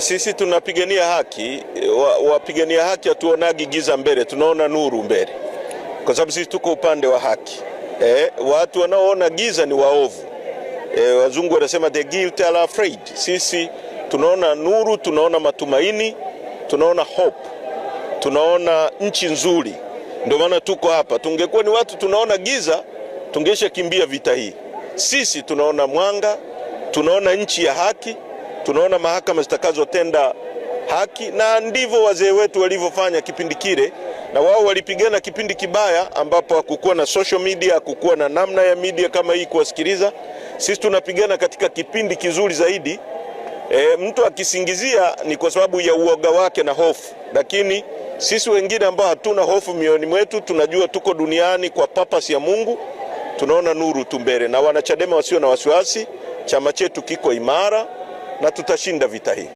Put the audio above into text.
Sisi tunapigania haki, wapigania haki hatuonagi giza mbele, tunaona nuru mbele, kwa sababu sisi tuko upande wa haki. E, watu wanaoona giza ni waovu. E, wazungu wanasema the guilty are afraid. Sisi tunaona nuru, tunaona matumaini, tunaona hope, tunaona nchi nzuri, ndio maana tuko hapa. Tungekuwa ni watu tunaona giza, tungesha kimbia vita hii. Sisi tunaona mwanga, tunaona nchi ya haki tunaona mahakama zitakazotenda haki, na ndivyo wazee wetu walivyofanya kipindi kile, na wao walipigana kipindi kibaya ambapo hakukuwa na social media, hakukuwa na namna ya media kama hii kuwasikiliza. Sisi tunapigana katika kipindi kizuri zaidi. E, mtu akisingizia ni kwa sababu ya uoga wake na hofu, lakini sisi wengine ambao hatuna hofu mioyoni mwetu tunajua tuko duniani kwa purpose ya Mungu, tunaona nuru tu mbele. Na wanachadema wasio na wasiwasi, chama chetu kiko imara na tutashinda vita hii.